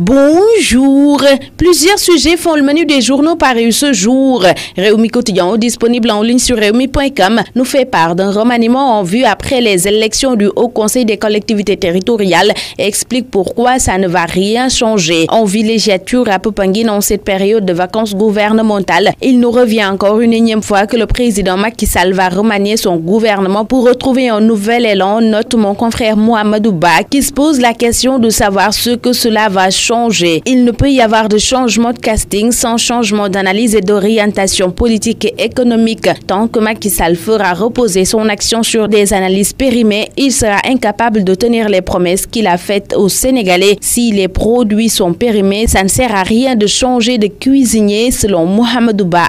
Bonjour. Plusieurs sujets font le menu des journaux parus ce jour. Réumi Quotidien, disponible en ligne sur réumi.com, nous fait part d'un remaniement en vue après les élections du Haut Conseil des collectivités territoriales et explique pourquoi ça ne va rien changer. En villégiature à Popanguine en cette période de vacances gouvernementales, il nous revient encore une énième fois que le président Macky Sall va remanier son gouvernement pour retrouver un nouvel élan, note mon confrère Mohamedou Ba, qui se pose la de savoir ce que changer. Il ne peut y avoir de changement de casting sans changement d'analyse et d'orientation politique et économique. Tant que Macky Sall fera reposer son action sur des analyses périmées, il sera incapable de tenir les promesses qu'il a faites aux Sénégalais. Si les produits sont périmés, ça ne sert à rien de changer de cuisinier, selon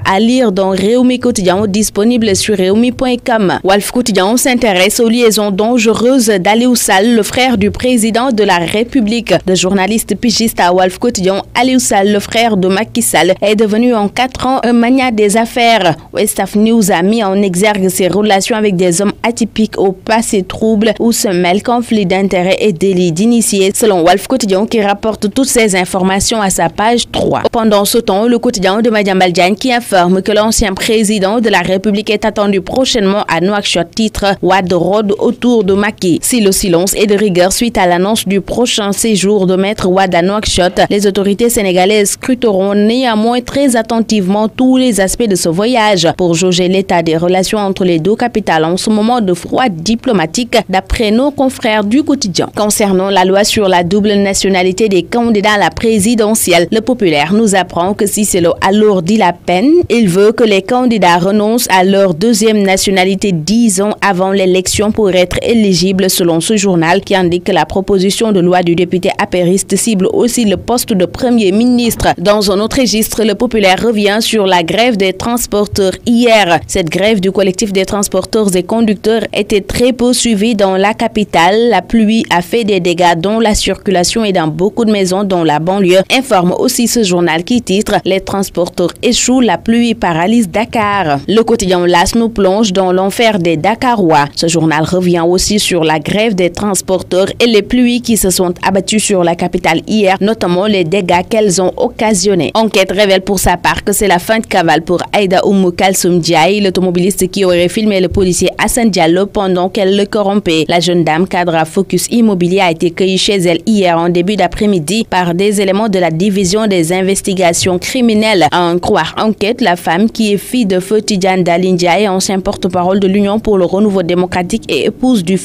à lire dans Réumi Quotidien disponible sur réumi.com. Wolf Quotidien s'intéresse aux liaisons dangereuses d'Aliou Sall, le frère du président de la République. Le journaliste assiste à Wolf Quotidien, Aliou Sall, le frère de Macky Sall, est devenu en quatre ans un mania des affaires. Westaf News a mis en exergue ses relations avec des hommes atypiques au passé trouble où se mêlent conflits d'intérêts et délits d'initiés, selon Wolf Quotidien qui rapporte toutes ces informations à sa page Pendant ce temps, le quotidien de Madiambal Diagne qui informe que l'ancien président de la République est attendu prochainement à Nouakchott titre Wad Rod Nouakchott. Les autorités sénégalaises scruteront néanmoins très attentivement tous les aspects de ce voyage pour jauger l'état des relations entre les deux capitales en ce moment de froid diplomatique, d'après nos confrères du quotidien. Concernant la loi sur la double nationalité des candidats à la présidentielle, le populaire nous apprend que si Cicelo alourdit la peine. Il veut que les candidats renoncent à leur deuxième nationalité dix ans avant l'élection aussi le poste de Premier ministre. Dans un autre registre, le populaire revient sur la grève des transporteurs hier. Cette grève du collectif des transporteurs et conducteurs était très peu suivie dans la capitale. La pluie a fait des dégâts dans la circulation et dans beaucoup de maisons dans la banlieue, informe aussi ce journal qui titre « Les transporteurs échouent, la pluie paralyse Dakar ». Le quotidien LAS nous plonge dans l'enfer des Dakarois. Ce journal suggère notamment les dégâts qu'elles ont occasionnés. Enquête révèle pour sa part que c'est la fin de cavale pour Aïda Oumou Kalsoum Diaye, l'automobiliste qui aurait filmé le policier Hassan Diallo pendant qu'elle le corrompait. La jeune dame cadre Focus Immobilier a été cueillie chez elle hier en début d'après-midi par des éléments de la division des investigations criminelles. À en croire enquête, la femme qui est fille de Feu Tidjane Dalindiaye, ancien et épouse du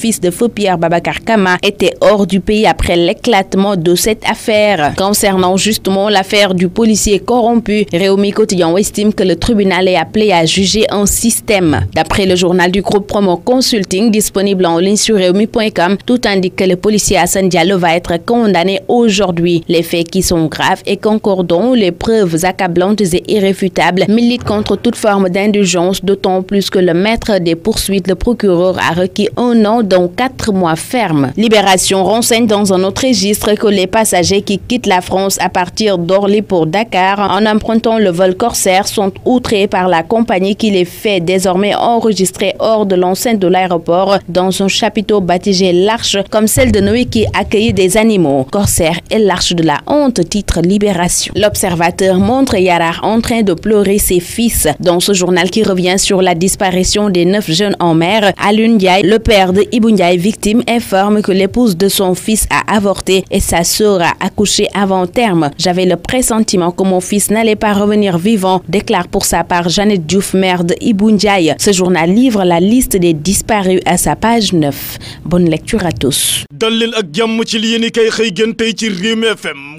affaire. Concernant justement l'affaire du policier corrompu, Réumi Cotillon estime que le tribunal est appelé à juger un système. D'après le journal du groupe Promo Consulting disponible en ligne sur réumi.com, tout indique que le policier Hassan Diallo va être condamné aujourd'hui. Les faits qui sont graves et concordants, les preuves accablantes et irréfutables militent contre toute forme d'indulgence, d'autant plus que le maître des poursuites, le procureur, qui quittent la France à partir d'Orly pour Dakar en empruntant le vol Corsair sont outrés par la compagnie qui les fait désormais enregistrer hors de l'enceinte de l'aéroport dans un chapiteau baptisé l'Arche comme celle de Noé accueillait des animaux. Corsair et l'Arche de la honte, titre Libération. L'observateur montre Yarar en train de pleurer ses fils. Dans ce journal qui revient sur la disparition des neuf jeunes en mer, Alun Ndiaye, le père de Ibou victime, accoucher avant terme. J'avais le pressentiment que mon fils n'allait pas revenir vivant, déclare pour sa part Jeannette Diouf, mère de Ndiaye. Ce journal livre la liste des disparus à sa page 9.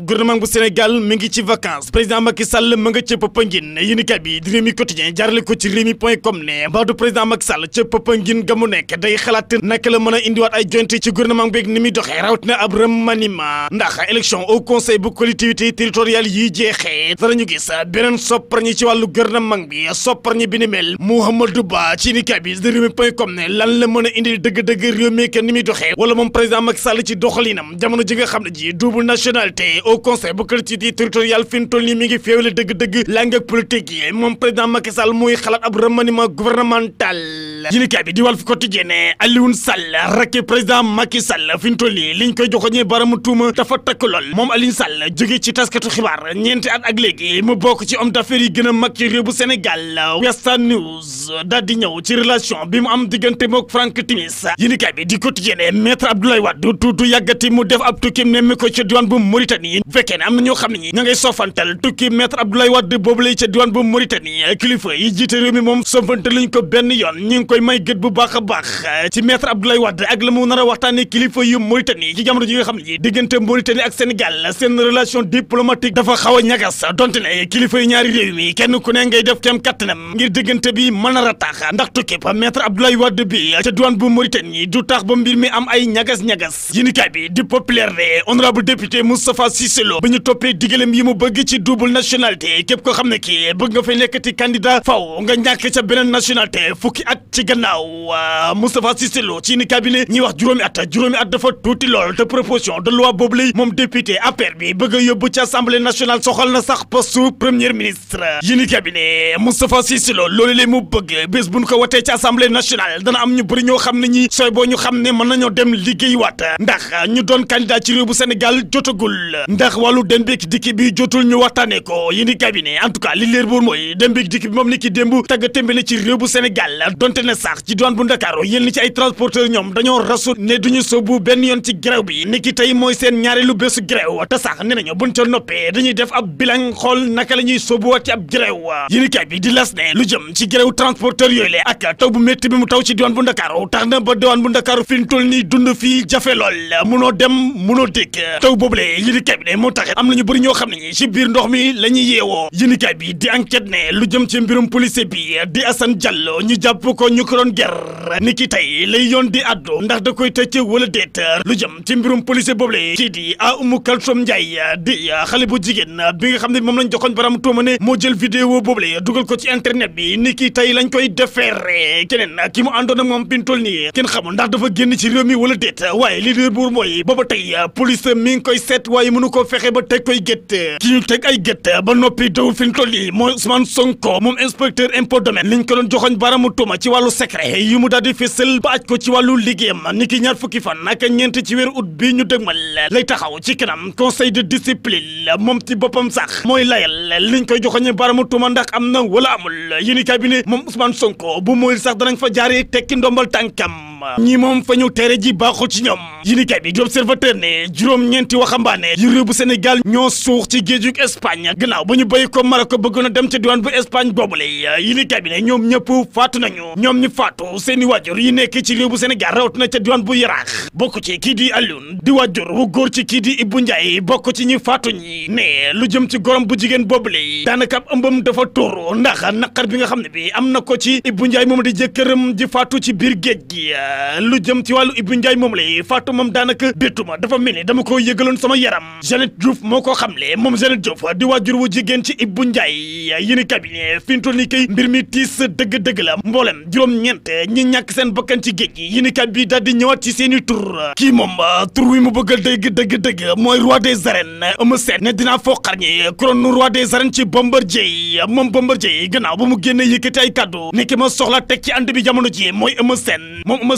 gouvernement bu Sénégal mi nga ca Popenguine yéen kay bi di Rewmi Quotidien jaarale ko ci Rewmi point com ne président Macky Sall ca Popenguine ga mu day xalaat naka la mën a indiwaat ay jonte gouvernement beeg ni muy doxee rawatina ab remaniement au conseil bu collectivité territoriale yi jeexee danañu gis beneen sopparñi ci wàllu gouvernement bi sopparñi bi ni mel Mouhamadou Ba ci ni kabis de Rewmi point ne lan la mën a indi dëgg-dëgg réew mi kenn ni muy doxee wala moom président Macky Sall ci doxalinam jamono ji nga xam ne ji double nationalité au conseil bu collectivité territoriale fi mu toll nii mi ngi féewale dëgg-dëgg langue politique yi moom président Macky muy xalaat ab remaniement gouvernemental yéenekaay bi di Walf Quotidien ne Alioune Sall rakki président Macky Sall fi ñu toll yi liñ koy joxoñee baramu tuuma dafa takk lool moom Alioune Sall jóge ci taskatu xibaar ñeenti at ak léegi mu bokk ci homme d'affaires yi gën a mag ci réew bu Sénégal Western News daal di ñëw ci relation bi mu am diggante mook Frank Timis yéenekaay bi di Quotidien ne maître Abdoulaye Wade tuutu yàggati mu def ab tukkim ne mi ko ci diwaan bu Mauritanie bu fekkee ne am na ñoo xam ne ñi ña ngay soofantal tukki maître Abdoulaye Wade boobu lay koy may gët bu baax a baax eh, ci maître Abdoulaye Wade ak la mu nar a waxtaane kilifa yu Mauritanie ci jamono ji nga xam ne diggante Mauritanie ak Sénégal seen relation diplomatique dafa xaw a ñagas donte ne kilifa yu ñaari réew mi kenn ku ne ngay def kem kattanam ngir diggante bi mën a rataax ndax tukki ba maître Abdoulaye Wade bi ca douane bu Mauritanie du tax ba mbir mi am ay ñagas-ñagas yéenekaay bi di populaire de honorable député Moustapha Cissé ba ñu yi mu bëgg ci double nationalité képp ko xam ne kii bëgg nga fay nekkati candidat faw nga ñàkk ca beneen nationalité fukki at ci gannaaw waa Moustapha Cissé Lo ci ni cabinet ñi wax juróomi at juróomi at dafa tuuti lool te proposition de loi boobu lay moom député APR bi bëgg a yóbbu ci assemblée nationale soxal na sax postu premier ministre yi ni cabinet Moustapha Lo loolu lay mu bëgg bés bu ñu ko watee ci assemblée nationale dana am ñu bëri ñoo xam ne ñi sooy boo ñu xam ne mën nañoo dem liggéey waat ndax ñu doon candidat ci réew bu Sénégal jotagul ndax wàllu dem beeg dikki bi jotul ñu waxtaanee ko yi ni cabinet en tout cas li leer bu mooy dem beeg dikki bi moom na sax ci douane bu Ndakaaru yéen ci ay transporteur ñoom dañoo rasu ne duñu sóobu benn yoon ci grève bi niki tey mooy seen ñaareelu lu jëm ci grève transporteur ne nañu bëri ñoo xam ne ñi ci biir ndox mi la ñuy yeewoo yéenekaay bi di enquête ne lu jëm ci mbirum policier bi di Assane Diallo ñu jàpp ko ñu ko doon ger ni ki tey lay yoon di addu ndax da koy tëcc wala déet lu jëm ci mbirum policier boobule kii di a Umu Kalsom Ndiaye di xale bu jigéen bi nga xam ne moom lañ joxoon baram tuuma ne moo jël vidéo boobule dugal ko ci internet bi ni ki tey lañ koy defeere keneen ki mu àndoon ak moom bi ñu toll nii kenn xamul ndax dafa génn ci réew mi wala déet waaye li réer buur mooy booba tey police mi ngi koy seet waaye mënu koo fexe ba teg koy gétt ki ñu teg ay gétt ba noppi dawul fi ñu toll nii mooy Ousmane Sonko moom inspecteur impôt domaine liñ ko doon joxoñ baramu tuuma ci wàllu wàllu secret yi mu daal di fésal ba aj ko ci wàllu liggéeyam niki ñaar fukki fan ak ñeent ci weer ut bi ñu dëgmal lay taxaw ci kanam conseil de discipline moom ci boppam sax mooy layal liñ koy joxoñe baramu tuma ndax am na wala amul yéen bi ne moom Ousmane Sonko bu mooy sax danañ fa jaaree tekki ndombal tànkam ñi moom fa ñu tere ji baaxul ci ñoom yéenekaay bi ba ñu béy ko Maroc bëggoon a dem ci diwaan bu Espagne boobule yéenekaay bi ne ñoom ñëpp faatu nañu ñoom ñi faatu seeni waajur yi nekk ci réew bu Sénégal rawatina ca diwaan bu Yaraax bokk ci kii di Alioune di waajur wu góor ci kii di Ibou Ndiaye bokk ci ñi faatu ñi ji faatu ci biir géej gi Euh, lu jëm ci wàllu Ibou Ndiaye moom lay Fatou moom daanaka béttuma dafa mel ni dama ko yëgaloon sama yaram Jeannette Diouf moo ko xamle moom Jeannette Diouf di waajur wu jigéen ci Ibou Ndiaye yéen cabinet fi ñu toll nii kay mbir mi tiis dëgg-dëgg la mboolem juróom-ñeent ñi ñàkk seen bakkan ci géej gi yéen cabinet ñëwaat ci seen i tur kii moom tur wi mu bëgg a dégg dëgg-dëgg mooy roi des arènes Eumeu Sène ne dinaa foo xar couronne roi des arènes ci Bombardier moom Bombardier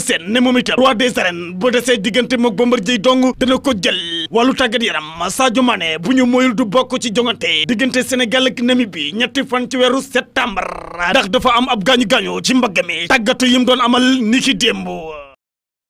Eumeu Sène ne moom itam roi des arènes bu desee diggante mook Bombardier dong dana ko jël wàllu tàggat yaram Sadio Mané bu ñu moyul du bokk ci jongante diggante Sénégal ak Namibie ñetti fan ci weeru septembre ndax dafa am ab gaañu-gaañu ci mbagg mi tàggatu yim doon amal niki démb